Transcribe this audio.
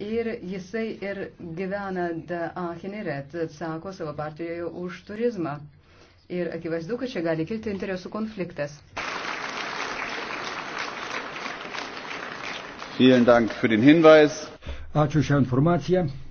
ir jisai ir gyvena Achenė ir atsako savo partijoje už turizmą. Ir akivaizdu, kad čia gali kilti interesų konfliktas. Ačiū šią informaciją.